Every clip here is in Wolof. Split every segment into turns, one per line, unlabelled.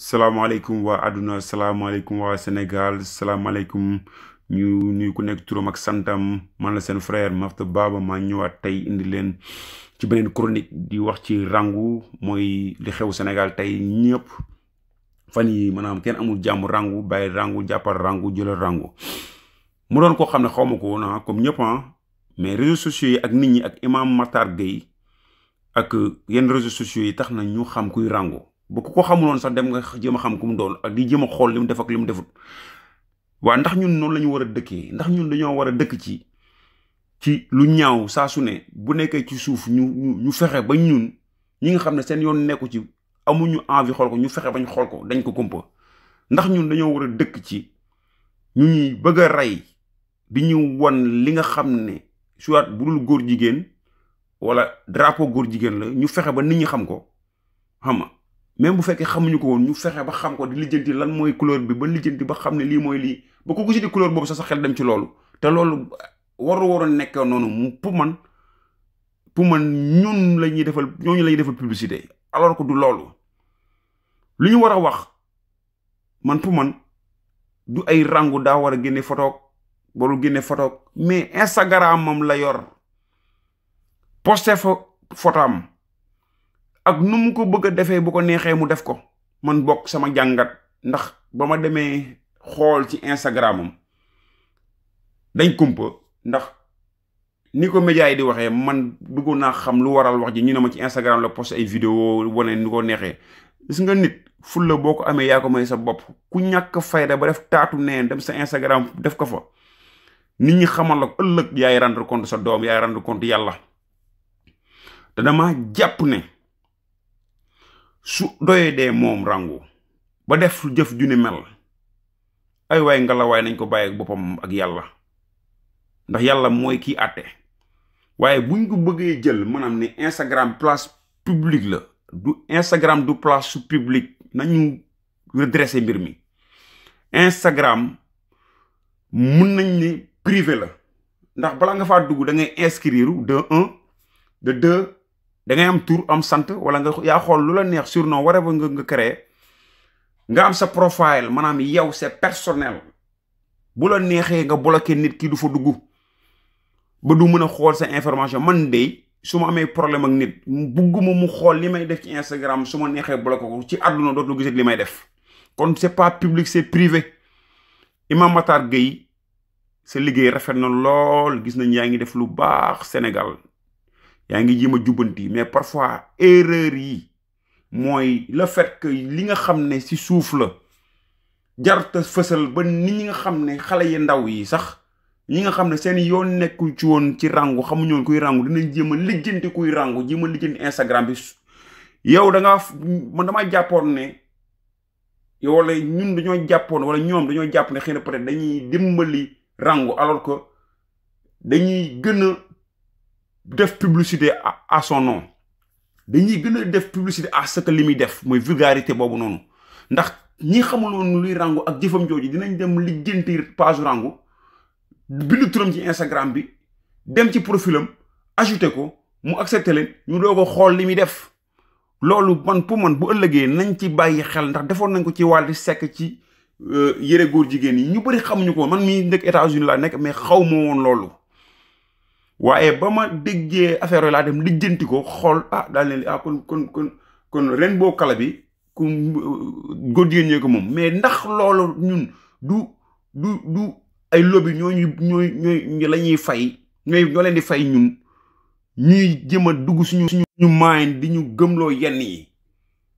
salaamaaleykum waa àdduna salaamaaleykum waa Sénégal salaamaaleykum ñu nuyu ku nekk turam ak santam man la seen frère Mafta baaba maa ñëwaat tey indi leen ci beneen chronique di wax ci rangu mooy li xew senegal tey ñëpp fan yi maanaam kenn amul jàmm rangu bàyyi rangu jàppal rangu jëlal rangu mu doon koo xam ne xawma ma ko woon ah, comme ñëpp ah, mais réseaux sociaux yi ak nit ñi ak Imam Matar Gueye ak yenn réseaux sociaux yi tax na ñu xam kuy rangu ba ku ko xamuloon sax dem nga jéem a xam ku mu doon ak di jéem a xool li mu def mu defut waa ndax ñun noonu la war a dëkkee ndax ñun dañoo war a dëkk ci ci lu ñaaw saa su ne bu nekkee ci suuf ñu ñu fexe ba ñun ñi nga xam ne seen yoon nekku ci amuñu envie ko ñu fexe bañ xool ko dañ ko kumpa ndax ñun dañoo war a dëkk ci ñu bëgg a rey di ñu wan li nga xam ne soit bu góor jigéen wala drapeau góor jigéen la ñu fexe ba nit ñi xam ko xam même bu fekkee xamuñu ko woon ñu fexe ba xam ko di lijjanti lan mooy couleur bi ba lijjanti ba xam ne lii mooy lii ba ku gis di couleur boobu sax sa xel dem ci loolu te loolu waru waroon nekk noonu pour man pour man ñun la ñuy defal ñooñu la ñuy defal publicité alors du loolu lu ñu war a wax man pour man du ay rangu daa war a génne photoog warul génne photoog mais Instagram moom la yor posté fa photo ak nu mu ko bëgg a bu ko nexé mu def ko man bok sama jangat ndax bama démé xol ci Instagram dañ kump ndax ni ko média yi di waxé man duggu na xam lu waral wax ji ñu ne ma ci Instagram la post ay vidéo woné ni ko neexee gis nga nit ful la boko amé ya ko may sa bop ku ñak fayda ba def taatu neen dem sa Instagram def ko fa nit ñi xamal la ko yaay rendre compte sa doom yaay rendre compte yalla da dama japp ne su de mom rangu ba def jëf juni mel ay waay way nañ ko baye ak bopam ak yalla ndax yalla moy ki até waye buñ ko bëggé jël manam ne Instagram place publique la du Instagram du place su publique nañu redresser mbir mi Instagram mun nañ ni privé la ndax bala nga fa dugg da ngay inscrire de 1 de 2 da ngay am tour am sante wala nga ya xol lula la neex surnom wara nga nga créer nga am sa profile manam yow c'est personnel bu la neexee nga bloquer nit ki du fa duggu ba du meuna xol sa information man de suma amé problème ak nit bugguma mu xol limay def ci Instagram suma ma neexee bloqué ko ci aduna dootul gisat li may def kon c'est pas public c'est privé Imam Matar Gueye sa liggéey rafet na lool gis nañ yaa ngi def lu baax Sénégal yaa ngi jéem a jubbanti mais parfois erreur yi mooy le fait que li nga xam ne si suuf la jarta fësal ba nit ñi nga xam ne xale yi ndaw yi sax ñi nga xam ne seen yoon nekkul ci woon ci rangu xamuñu woon kuy ràngu dinañ jéem a lijjanti kuy ràngu jéem a lijjanti Instagram bi yow da ngaa man jàppoon ne yow wala ñun dañoo jàppoon wala ñoom dañoo jàpp ne xëy na peut-être dañuy dimbali rangu alors que dañuy gën def publicité à son nom dañuy gën a def publicité à ce que li muy def mooy vulgarité boobu noonu ndax ñi xamul woon luy rangu ak jëfam jooju dinañ dem lijjanti page rangu bindu turam ci Instagram bi dem ci profilam ajouté ko mu accepté leen ñu doo a xool li muy def loolu man pour man bu ëllëgee nañ ci bàyyi xel ndax defoon nañ ko ci wàllu sekk ci euh, yëre góor jigéen yi ñu bëri xamuñu ko man mii ndëkk États-Unis laa nekk mais xaw woon loolu waaye ba ma déggee affaire yooyu laa dem lijjanti ko xool ah daal leen ah kon kon kon ren boo kala bi ku euh, góor ñee ko moom mais ndax loolu ñun du du du ay lobby ñooñu ñooy ñooy la ñuy fay ñooy ñoo leen di fay ñun ñuy jëm dugg suñu suñu maayin di ñu gëmloo yenn yi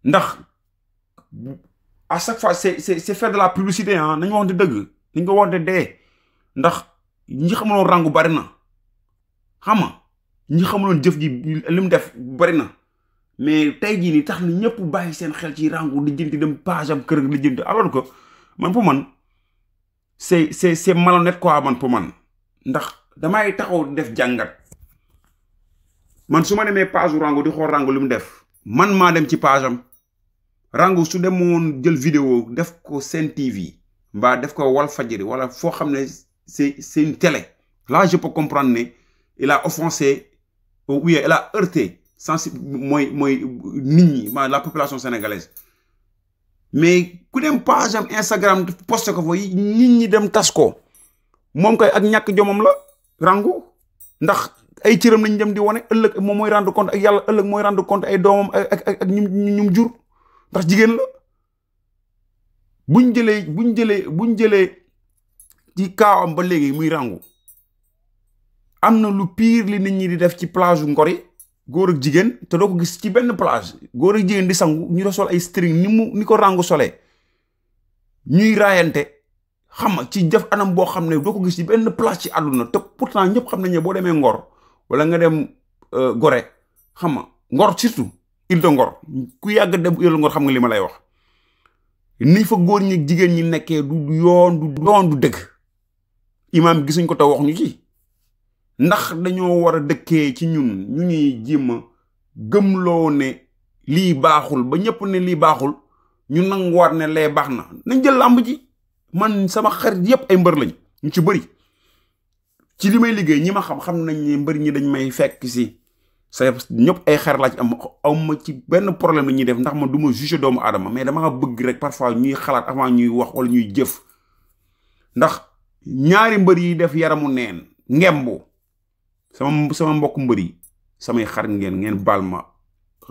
ndax à chaque fois c'est c'est c'est de la publicité ah nañu wax di dëgg nañ ko wax de dee ndax ñi xamaloon ràngu bari na xam ñi xamuloon jëf ji lim def bari na mais tay ji ni tax na ñëpp bàyyi seen xel ci rangu lijjanti dem page am kër lijjanti alors que man pour man c'est c'est c'est malhonnête quoi man pour man ndax damay taxaw def jangat man suma ma demee page rangu di xor rangu lim def man ma dem ci page am rangu su demoon jël vidéo def ko sen TV mba def ko wal Walfadjri wala fo xamné c'est c'est une télé là je peux comprendre né il a offensé oui, elle il a heurté la population sénégalaise mais quand dem page Instagram posté ko vous dem qui ko koy la rangu ndax ay lañ dem di woné ëlëk compte ak yalla ëlëk moy rendre compte ay ak ñum jur ndax la buñ amna lu pire li nit ñi di def ci plage ngori goor ak jigen te do ko gis ci benn plage goor ak jigen di sangu ñu ay string ni mu ni ko rangu solé ñuy rayanté xam ci def anam bo xamné do ko gis ci benn plage ci aduna te pourtant ñep xam bo démé ngor wala nga dem euh, goré xam ngor surtout il de ngor ku yag dem île ngor xam nga lima lay wax ni fa goor ñi jigen ñi nekké du yoon du doon du deug imam gisuñ ko taw wax ñu ci ndax dañoo war a dëkkee ci ñun ñu ñuy jéem gëmloo ne lii baaxul ba ñëpp ne lii baaxul ñu nanguwaat ne lee baax na nañ jël làmb ji man sama xarit yépp ay mbër lañ ñu ci bëri ci li may liggéey ñi ma xam xam nañ ne mbër ñi dañ may fekk si say ñëpp ay xer laa ci am am ci benn problème la ñuy def ndax ma duma ma juger doomu aadama mais dama bëgg rek parfois ñuy xalaat avant ñuy wax wala ñuy jëf ndax ñaari mbër yi def yaramu neen ngembu sama sama mbokk sama yi samay xar ngeen ngeen baal ma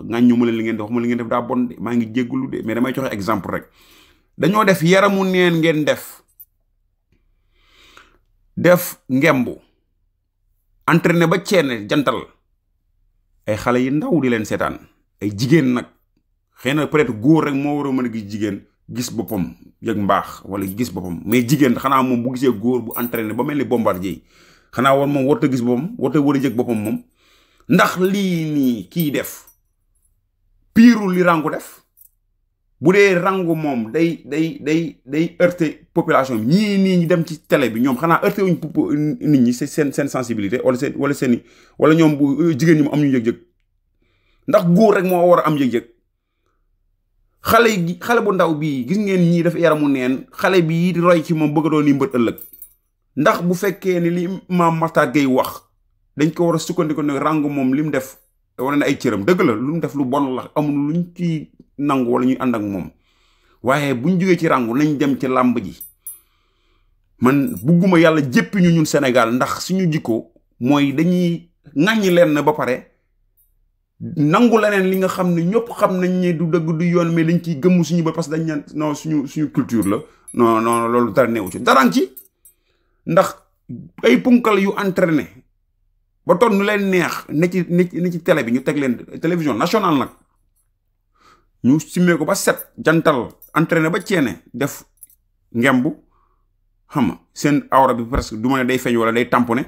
ŋàññu mu leen li ngeen def mu leen def da bon de ngi jéggulu de mais damay joxe exemple rek dañu def yaramu neen ngeen def def ngembu entraîner ba ceene jantal ay xalé yi ndaw di leen sétane ay jigen nak, xëy peut-être goor rek mo wara a gi jigen gis bopom, gis mbax wala gis bopam mais jigen xana moom bu gisee goor bu entraîner ba melni bombardier xanaa woon moom warut gis boppam warut a war a yëg boppam moom ndax lii nii kii def piiru li rangu def bu dee rangu moom day day day day heurter population bi ñii nii ñi dem ci télé bi ñoom xanaa heurter wuñ nit ñi seen seen sensibilité wala seen wala seen i wala ñoom bu euh, jigéen ñi mu am ñu yëg jëg ndax góor rek moo war a am yëg-yëg xale yi xale bu ndaw bii gis ngeen def dafa yaramu neen xale bi di roy ci moom bëgg doon ni mbët ëllëg ndax bu fekkee ni li Maam Makhtar Gueye wax dañ ko war a sukkandiku ne ràng moom li mu def war na ay cëram dëgg la lu def lu bon la amul ñu ci nangu wala ñuy ànd ak moom waaye buñ jógee ci ràngu nañ dem ci làmb ji man bugguma yàlla jéppi ñu ñun Sénégal ndax suñu jikko mooy dañuy ŋàññi leen na ba pare nangu leneen li nga xam ne ñëpp xam nañ ne du dëgg du yoon mais lañ ciy gëmm suñu ba parce que dañ naan suñu suñu culture la non non loolu dara neewu ci daraan ci ndax ay punkal yu entraîné ba ton nu len neex ne ci ne ci télé bi ñu tek len télévision nationale nak ñu simé ko ba set jantal entraîné ba ciéné def ngembu xam sen awra bi presque duma né day feñ wala day tamponé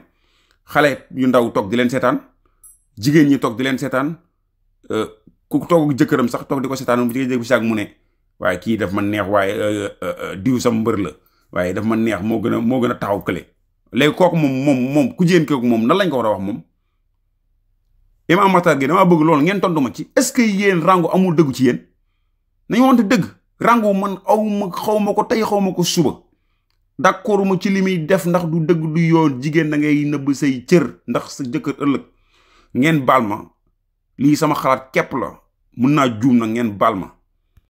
xalé yu ndaw tok di len sétane jigéen ñi tok di sétane euh ku tok ak jëkkëram sax tok di sétane bu jigéen jëg bi sàag mu né waye ki def man neex euh, euh, euh diiw sam mbeur la waaye daf ma neex moo gën a moo gën a taxaw kële léegi kooku moom moom moom ku jigéen kooku moom nan lañ ko war a wax moom Imam Makhtar Gueye damaa bëgg loolu ngeen tontu ma ci est-ce que yéen rango amul dëggu ci yéen nañu wante dëgg rango man aw ma xaw ma ko tey xaw ma ko suba d'accord mu ci li muy def ndax du dëgg du yoon jigéen da ngay nëbb say cër ndax sa jëkkër ëllëg ngeen baal ma lii sama xalaat képp la mun naa juum na ngeen baal ma